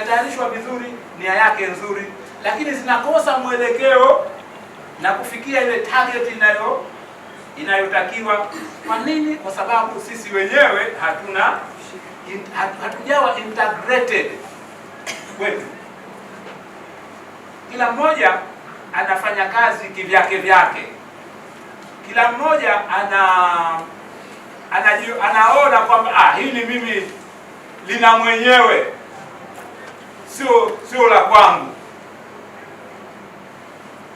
zinatayarishwa vizuri, nia yake nzuri, lakini zinakosa mwelekeo na kufikia ile target inayo inayotakiwa. Kwa nini? Kwa sababu sisi wenyewe hatuna hatujawa integrated kwetu. Kila mmoja anafanya kazi kivyake vyake, kila mmoja ana, ana, anaona kwamba ah, hili mimi lina mwenyewe sio sio la kwangu.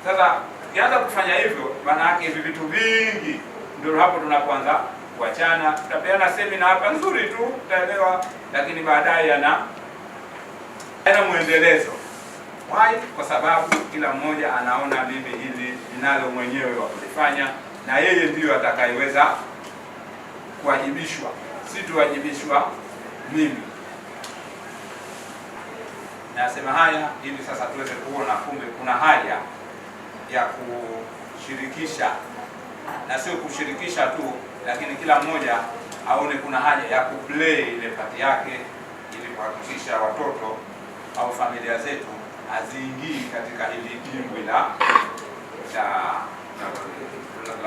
Sasa ukianza kufanya hivyo, maana yake hivi vitu vingi, ndio hapo tunapoanza kuachana. Tutapeana semina hapa nzuri tu, utaelewa, lakini baadaye yana yana mwendelezo. Why? Kwa sababu kila mmoja anaona mimi hili ninalo mwenyewe wa kulifanya, na yeye ndiyo atakayeweza kuwajibishwa, si tuwajibishwa mimi nasema haya ili sasa tuweze kuona kumbe kuna haja ya kushirikisha na sio kushirikisha tu, lakini kila mmoja aone kuna haja ya kuplay ile pati yake, ili kuhakikisha watoto au familia zetu haziingii katika hili dimbwi la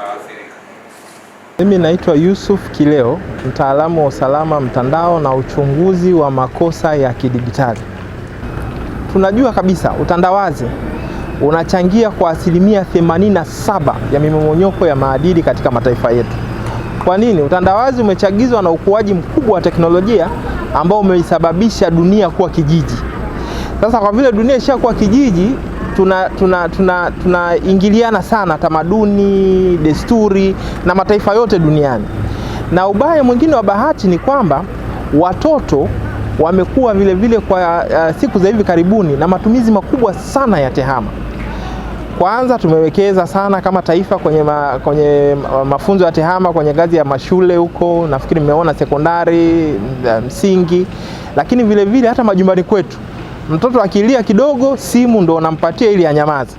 waathirika. Mimi naitwa Yusuf Kileo, mtaalamu wa usalama mtandao na uchunguzi wa makosa ya kidijitali tunajua kabisa utandawazi unachangia kwa asilimia 87 ya mimomonyoko ya maadili katika mataifa yetu. Kwa nini? Utandawazi umechagizwa na ukuaji mkubwa wa teknolojia ambao umeisababisha dunia kuwa kijiji. Sasa kwa vile dunia ishakuwa kijiji, tunaingiliana tuna, tuna, tuna sana tamaduni, desturi na mataifa yote duniani, na ubaya mwingine wa bahati ni kwamba watoto wamekuwa vile vile kwa uh, siku za hivi karibuni na matumizi makubwa sana ya tehama. Kwanza tumewekeza sana kama taifa kwenye, ma, kwenye mafunzo ya tehama kwenye ngazi ya mashule huko, nafikiri mmeona sekondari, eh, msingi, lakini vile vile hata majumbani kwetu, mtoto akilia kidogo simu ndo unampatia ili anyamaze.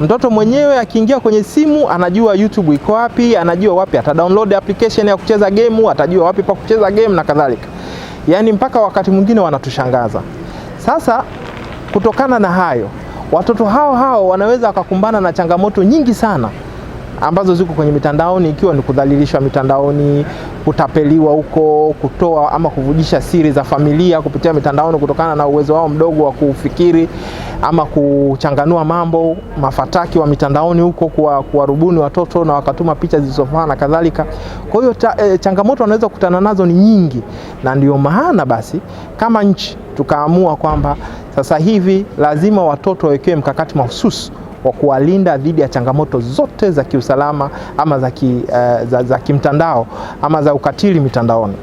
Mtoto mwenyewe akiingia kwenye simu anajua YouTube iko wapi, anajua wapi ata download application ya kucheza game, atajua wapi pa kucheza game na kadhalika yaani mpaka wakati mwingine wanatushangaza. Sasa kutokana na hayo, watoto hao hao wanaweza wakakumbana na changamoto nyingi sana ambazo ziko kwenye mitandaoni, ikiwa ni kudhalilishwa mitandaoni, kutapeliwa huko, kutoa ama kuvujisha siri za familia kupitia mitandaoni kutokana na uwezo wao mdogo wa kufikiri ama kuchanganua mambo, mafataki wa mitandaoni huko kuwarubuni watoto na wakatuma picha zilizofaa na kadhalika. Kwa hiyo e, changamoto wanaweza kukutana nazo ni nyingi, na ndio maana basi kama nchi tukaamua kwamba sasa hivi lazima watoto wawekewe mkakati mahususi wa kuwalinda dhidi ya changamoto zote za kiusalama ama za, ki, uh, za, za kimtandao ama za ukatili mitandaoni.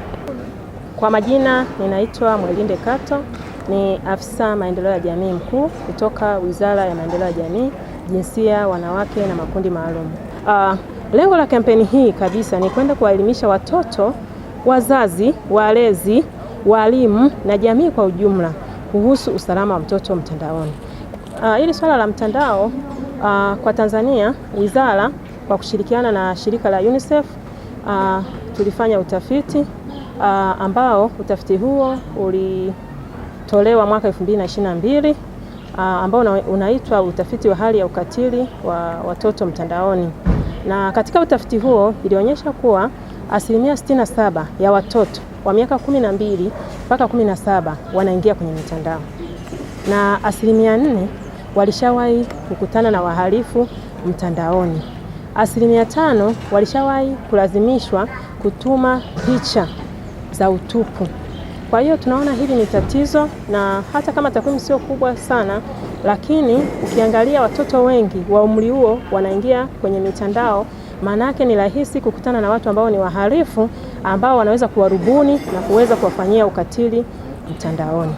Kwa majina ninaitwa Mwelinde Kato, ni afisa maendeleo ya jamii mkuu kutoka Wizara ya Maendeleo ya Jamii, Jinsia, Wanawake na Makundi Maalum. Uh, lengo la kampeni hii kabisa ni kwenda kuwaelimisha watoto, wazazi, walezi, walimu na jamii kwa ujumla kuhusu usalama wa mtoto mtandaoni. Ah, hili ili swala la mtandao uh, kwa Tanzania, wizara kwa kushirikiana na shirika la UNICEF uh, tulifanya utafiti uh, ambao utafiti huo ulitolewa mwaka 2022 uh, ambao unaitwa utafiti wa hali ya ukatili wa watoto mtandaoni, na katika utafiti huo ilionyesha kuwa asilimia 67 ya watoto wa miaka 12 mpaka 17 wanaingia kwenye mitandao na asilimia nne Walishawahi kukutana na wahalifu mtandaoni. Asilimia tano walishawahi kulazimishwa kutuma picha za utupu. Kwa hiyo tunaona hili ni tatizo, na hata kama takwimu sio kubwa sana, lakini ukiangalia watoto wengi wa umri huo wanaingia kwenye mitandao, maana ni rahisi kukutana na watu ambao ni wahalifu ambao wanaweza kuwarubuni na kuweza kuwafanyia ukatili mtandaoni.